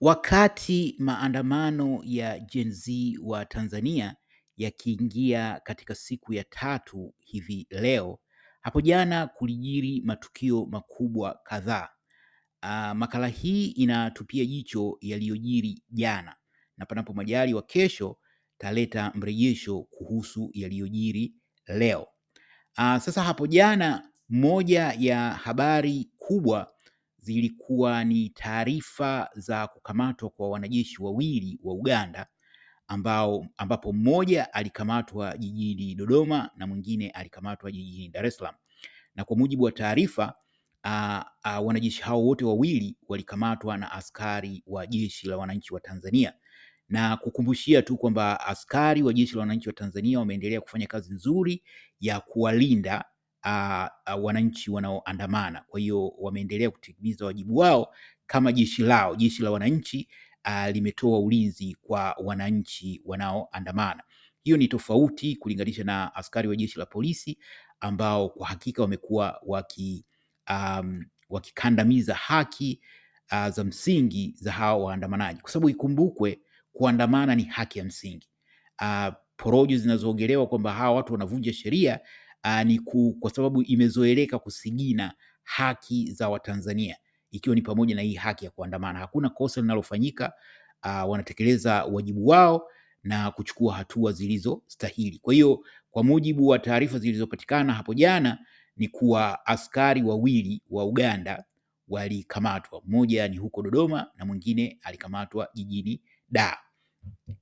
Wakati maandamano ya Gen Z wa Tanzania yakiingia katika siku ya tatu hivi leo, hapo jana kulijiri matukio makubwa kadhaa. Uh, makala hii inatupia jicho yaliyojiri jana na panapo wa kesho taleta mrejesho kuhusu yaliyojiri leo. Uh, sasa hapo jana moja ya habari kubwa zilikuwa ni taarifa za kukamatwa kwa wanajeshi wawili wa Uganda ambao ambapo mmoja alikamatwa jijini Dodoma na mwingine alikamatwa jijini Dar es Salaam. Na kwa mujibu wa taarifa uh, uh, wanajeshi hao wote wawili walikamatwa na askari wa jeshi la wananchi wa Tanzania. Na kukumbushia tu kwamba askari wa jeshi la wananchi wa Tanzania wameendelea kufanya kazi nzuri ya kuwalinda uh, uh, wananchi wanaoandamana. Kwa hiyo wameendelea kutimiza wajibu wao kama jeshi lao, jeshi la wananchi uh, limetoa ulinzi kwa wananchi wanaoandamana. Hiyo ni tofauti kulinganisha na askari wa jeshi la polisi ambao kwa hakika wamekuwa waki um, wakikandamiza haki uh, za msingi za hawa waandamanaji, kwa sababu ikumbukwe, kuandamana ni haki ya msingi uh, porojo zinazoongelewa kwamba hawa watu wanavunja sheria uh, ni ku, kwa sababu imezoeleka kusigina haki za Watanzania ikiwa ni pamoja na hii haki ya kuandamana. Hakuna kosa linalofanyika. Uh, wanatekeleza wajibu wao na kuchukua hatua zilizostahili. Kwa hiyo, kwa mujibu wa taarifa zilizopatikana hapo jana ni kuwa askari wawili wa Uganda walikamatwa, mmoja ni huko Dodoma na mwingine alikamatwa jijini Dar,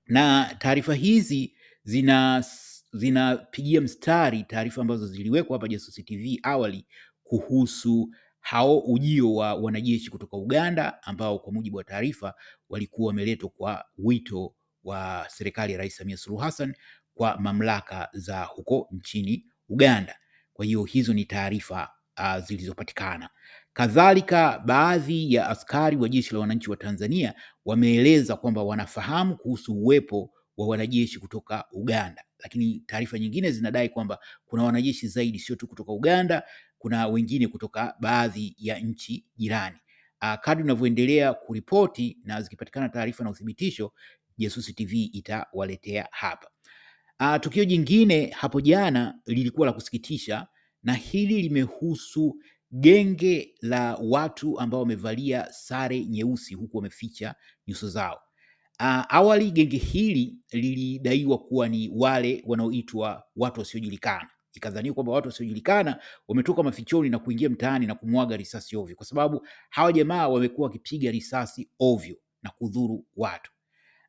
na taarifa hizi zina zinapigia mstari taarifa ambazo ziliwekwa hapa Jasusi TV awali kuhusu hao ujio wa wanajeshi kutoka Uganda ambao kwa mujibu wa taarifa walikuwa wameletwa kwa wito wa serikali ya Rais Samia Suluhu Hassan kwa mamlaka za huko nchini Uganda. Kwa hiyo hizo ni taarifa uh, zilizopatikana. Kadhalika, baadhi ya askari wa Jeshi la Wananchi wa Tanzania wameeleza kwamba wanafahamu kuhusu uwepo wa wanajeshi kutoka Uganda lakini taarifa nyingine zinadai kwamba kuna wanajeshi zaidi, sio tu kutoka Uganda, kuna wengine kutoka baadhi ya nchi jirani. Ah, kadri unavyoendelea kuripoti na zikipatikana taarifa na uthibitisho, Jasusi TV itawaletea hapa. Uh, tukio jingine hapo jana lilikuwa la kusikitisha, na hili limehusu genge la watu ambao wamevalia sare nyeusi huku wameficha nyuso zao. Uh, awali genge hili lilidaiwa kuwa ni wale wanaoitwa watu wasiojulikana. Ikadhaniwa kwamba watu wasiojulikana wametoka mafichoni na kuingia mtaani na kumwaga risasi ovyo, kwa sababu hawa jamaa wamekuwa wakipiga risasi ovyo na kudhuru watu.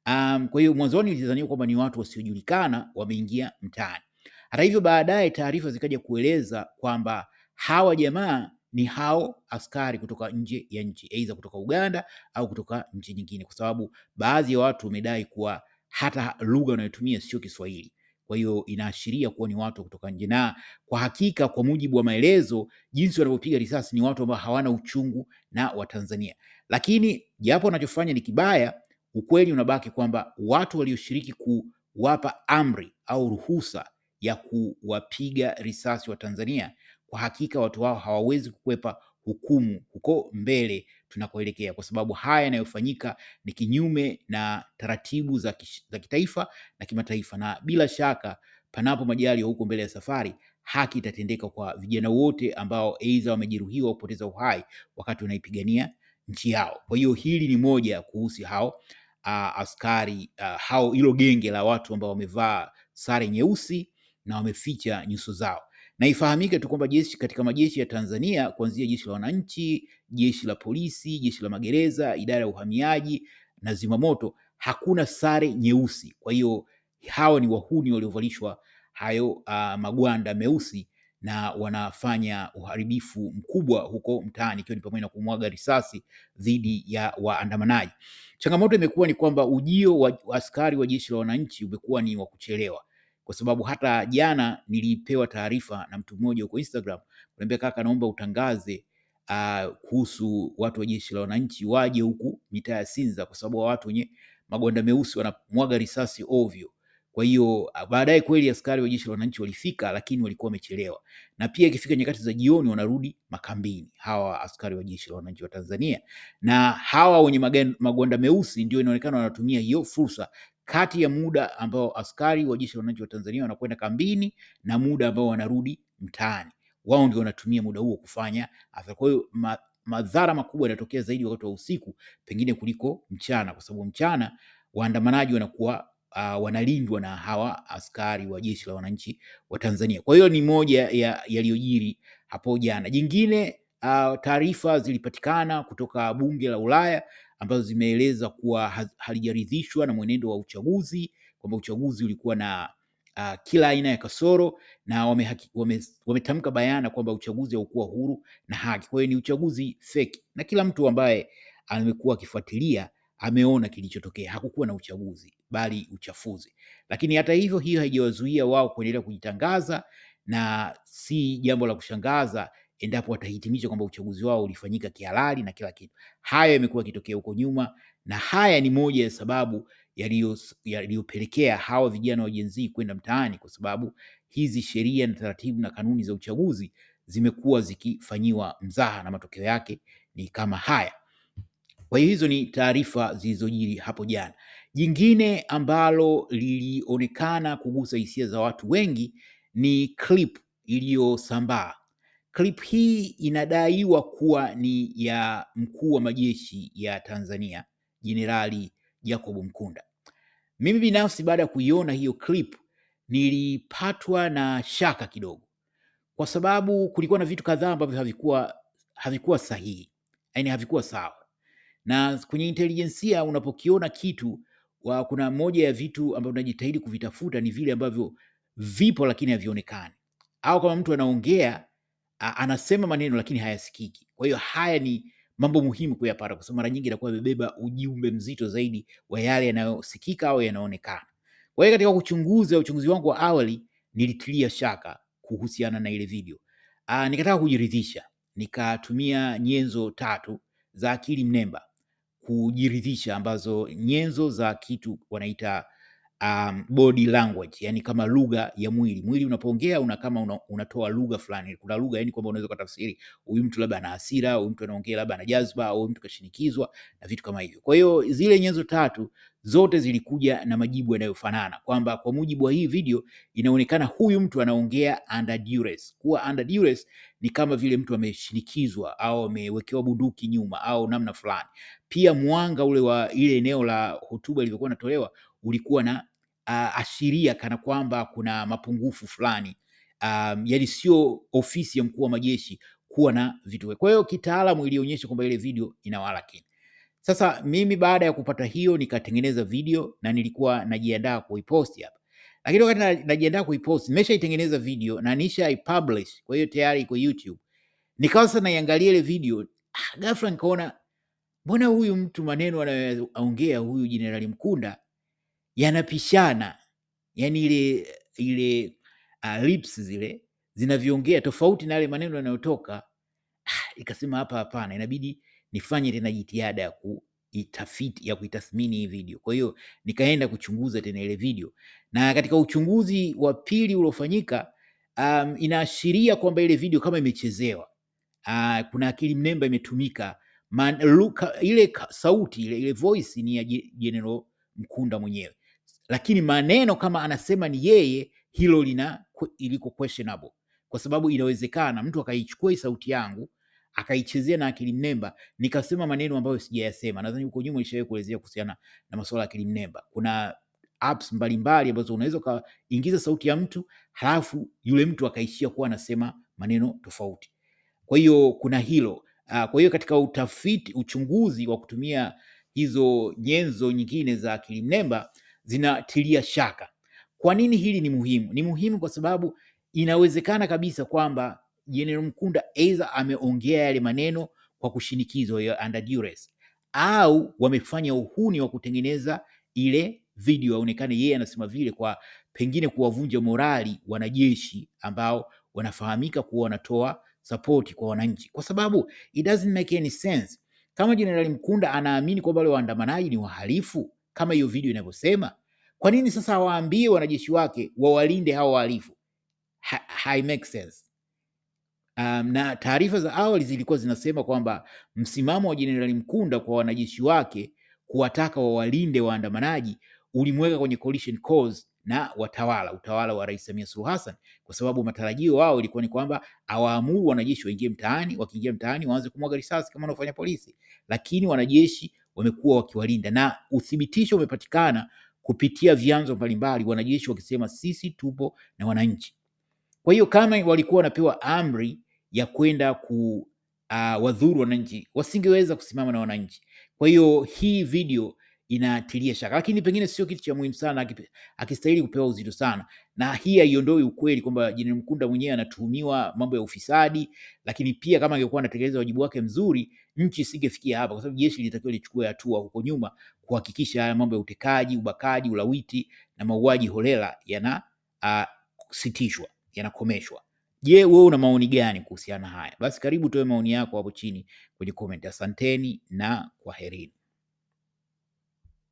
Um, kwa hiyo mwanzoni ilidhaniwa kwamba ni watu wasiojulikana wameingia mtaani. Hata hivyo, baadaye taarifa zikaja kueleza kwamba hawa jamaa ni hao askari kutoka nje ya nchi, aidha kutoka Uganda au kutoka nchi nyingine, kwa sababu baadhi ya watu wamedai kuwa hata lugha wanayotumia sio Kiswahili. Kwa hiyo inaashiria kuwa ni watu kutoka nje, na kwa hakika, kwa mujibu wa maelezo, jinsi wanavyopiga risasi ni watu ambao hawana uchungu na Watanzania. Lakini japo wanachofanya ni kibaya, ukweli unabaki kwamba watu walioshiriki kuwapa amri au ruhusa ya kuwapiga risasi Watanzania kwa hakika watu hao hawawezi kukwepa hukumu huko mbele tunakoelekea, kwa sababu haya yanayofanyika ni kinyume na taratibu za, kish, za kitaifa na kimataifa, na bila shaka, panapo majali huko mbele ya safari, haki itatendeka kwa vijana wote ambao aidha wamejeruhiwa kupoteza uhai wakati wanaipigania nchi yao. Kwa hiyo hili ni moja kuhusu hao Uh, askari uh, hao hilo genge la watu ambao wamevaa sare nyeusi na wameficha nyuso zao na ifahamike tu kwamba jeshi katika majeshi ya Tanzania kuanzia jeshi la wananchi, jeshi la polisi, jeshi la magereza, idara ya uhamiaji na zimamoto, hakuna sare nyeusi. Kwa hiyo hawa ni wahuni waliovalishwa hayo uh, magwanda meusi na wanafanya uharibifu mkubwa huko mtaani, ikiwa ni pamoja na kumwaga risasi dhidi ya waandamanaji. Changamoto imekuwa ni kwamba ujio wa askari wa jeshi la wananchi umekuwa ni wa kuchelewa kwa sababu hata jana nilipewa taarifa na mtu mmoja huko Instagram, kuniambia kaka, naomba utangaze uh, kuhusu watu wa jeshi la wananchi waje huku mitaa ya Sinza, kwa sababu watu wenye magwanda meusi wanamwaga risasi ovyo. Kwa hiyo baadaye kweli askari wa jeshi la wananchi walifika, lakini walikuwa wamechelewa, na pia ikifika nyakati za jioni wanarudi makambini hawa askari wa jeshi la wananchi wa Tanzania, na hawa wenye magwanda meusi ndio inaonekana wanatumia hiyo fursa kati ya muda ambao askari wa jeshi la wananchi wa Tanzania wanakwenda kambini na muda ambao wanarudi mtaani. Wao ndio wanatumia muda huo kufanya athari. Kwa hiyo ma, madhara makubwa yanatokea zaidi wakati wa usiku pengine kuliko mchana, kwa sababu mchana waandamanaji wanakuwa uh, wanalindwa na hawa askari wa jeshi la wananchi wa Tanzania. Kwa hiyo ni moja ya yaliyojiri hapo jana. Jingine uh, taarifa zilipatikana kutoka bunge la Ulaya ambazo zimeeleza kuwa halijaridhishwa na mwenendo wa uchaguzi, kwamba uchaguzi ulikuwa na uh, kila aina ya kasoro na wametamka wame, wame bayana kwamba uchaguzi haukuwa huru na haki. Kwa hiyo ni uchaguzi feki, na kila mtu ambaye amekuwa akifuatilia ameona kilichotokea. Hakukuwa na uchaguzi bali uchafuzi, lakini hata hivyo hiyo haijawazuia wao kuendelea kujitangaza, na si jambo la kushangaza endapo watahitimisha kwamba uchaguzi wao ulifanyika kihalali na kila kitu. Haya yamekuwa yakitokea huko nyuma, na haya ni moja ya sababu yaliyopelekea hawa vijana wa Gen Z kwenda mtaani, kwa sababu hizi sheria na taratibu na kanuni za uchaguzi zimekuwa zikifanyiwa mzaha na matokeo yake ni kama haya. Kwa hiyo hizo ni taarifa zilizojiri hapo jana. Jingine ambalo lilionekana kugusa hisia za watu wengi ni clip iliyosambaa Klip hii inadaiwa kuwa ni ya mkuu wa majeshi ya Tanzania Jenerali Jacob Mkunda. Mimi binafsi baada ya kuiona hiyo klip nilipatwa na shaka kidogo, kwa sababu kulikuwa na vitu kadhaa ambavyo havikuwa havikuwa sahihi, yaani havikuwa sawa. Na kwenye intelijensia unapokiona kitu wa, kuna moja ya vitu ambavyo unajitahidi kuvitafuta ni vile ambavyo vipo lakini havionekani, au kama mtu anaongea anasema maneno lakini hayasikiki. Kwa hiyo haya ni mambo muhimu kuyapata, kwa sababu mara nyingi inakuwa imebeba ujumbe mzito zaidi wa yale yanayosikika au yanaonekana. Kwa hiyo katika kuchunguza uchunguzi wangu wa awali, nilitilia shaka kuhusiana na ile video. Aa, nikataka kujiridhisha, nikatumia nyenzo tatu za akili mnemba kujiridhisha, ambazo nyenzo za kitu wanaita um, body language, yani kama lugha ya mwili. Mwili unapoongea una kama una, unatoa lugha fulani, kuna lugha yani kwamba unaweza kutafsiri huyu mtu labda ana hasira, huyu mtu anaongea labda ana jazba, au mtu kashinikizwa na vitu kama hivyo. Kwa hiyo zile nyenzo tatu zote zilikuja na majibu yanayofanana kwamba kwa mujibu wa hii video inaonekana huyu mtu anaongea under duress. Kuwa under duress ni kama vile mtu ameshinikizwa au amewekewa bunduki nyuma au namna fulani. Pia mwanga ule wa ile eneo la hotuba ilivyokuwa inatolewa ulikuwa na uh, ashiria kana kwamba kuna mapungufu fulani um, yani sio ofisi ya mkuu wa majeshi kuwa na vitu. Kwa hiyo kitaalamu ilionyesha kwamba ile video inawalakini. Sasa mimi baada ya kupata hiyo nikatengeneza video na nilikuwa najiandaa kuipost hapa, lakini wakati najiandaa kuipost nimeshaitengeneza video na nisha ipublish, kwa hiyo tayari iko YouTube. Nikawa sasa naiangalia ile video ah, ghafla nikaona mbona huyu mtu maneno anayoongea huyu Jenerali Mkunda yanapishana, yani ile ile uh, lips zile zinaviongea tofauti na yale maneno yanayotoka. Ah, ikasema hapa, hapana, inabidi nifanye tena jitihada ya kuitafiti ya kuitathmini hii video. Kwa hiyo nikaenda kuchunguza tena ile video, na katika uchunguzi wa pili uliofanyika, um, inaashiria kwamba ile video kama imechezewa. Uh, kuna akili mnemba imetumika. Man, look, ile sauti ile, ile voice ni ya General Mkunda mwenyewe lakini maneno kama anasema ni yeye, hilo lina iliko questionable, kwa sababu inawezekana mtu akaichukua sauti yangu akaichezea na akili mnemba nikasema maneno ambayo sijayasema. Nadhani huko nyuma nishawahi kuelezea kuhusiana na masuala ya akili mnemba. Kuna apps mbalimbali ambazo unaweza ukaingiza sauti ya mtu halafu yule mtu akaishia kuwa anasema maneno tofauti. Kwa hiyo kuna hilo. Ah, kwa hiyo katika utafiti, uchunguzi wa kutumia hizo nyenzo nyingine za akili mnemba zinatilia shaka. Kwa nini hili ni muhimu? Ni muhimu kwa sababu inawezekana kabisa kwamba jeneral Mkunda aidha ameongea yale maneno kwa kushinikizwa ya under duress, au wamefanya uhuni wa kutengeneza ile video aonekane yeye anasema vile, kwa pengine kuwavunja morali wanajeshi ambao wanafahamika kuwa wanatoa sapoti kwa wananchi, kwa sababu it doesn't make any sense. Kama Jenerali Mkunda anaamini kwamba wale waandamanaji ni wahalifu, kama hiyo video inavyosema. Kwa nini sasa hawaambie wanajeshi wake wawalinde hao wahalifu? Ha, hai make sense. Um, na taarifa za awali zilikuwa zinasema kwamba msimamo wa Jenerali Mkunda kwa wanajeshi wake kuwataka wawalinde waandamanaji ulimweka kwenye coalition cause na watawala utawala wa Rais Samia Suluhu Hassan, kwa sababu matarajio wao ilikuwa ni kwamba awaamuru wanajeshi waingie mtaani, wakiingia mtaani waanze kumwaga risasi kama wanaofanya polisi. Lakini wanajeshi wamekuwa wakiwalinda, na uthibitisho umepatikana kupitia vyanzo mbalimbali, wanajeshi wakisema sisi tupo na wananchi. Kwa hiyo kama walikuwa wanapewa amri ya kwenda ku uh, wadhuru wananchi, wasingeweza kusimama na wananchi. Kwa hiyo hii video inaatilia shaka, lakini pengine sio kitu cha muhimu sana, akistahili kupewa uzito sana. Na hii haiondoi ukweli kwamba Jenerali Mkunda mwenyewe anatuhumiwa mambo ya ufisadi, lakini pia kama angekuwa anatekeleza wajibu wake mzuri, nchi isingefikia hapa, kwa sababu jeshi lilitakiwa lichukue hatua huko nyuma kuhakikisha haya mambo ya utekaji, ubakaji, ulawiti na mauaji holela yanasitishwa, uh, yanakomeshwa. Je, wewe una maoni gani kuhusiana haya? Basi karibu toe maoni yako hapo chini kwenye comment. Asanteni na kwaherini.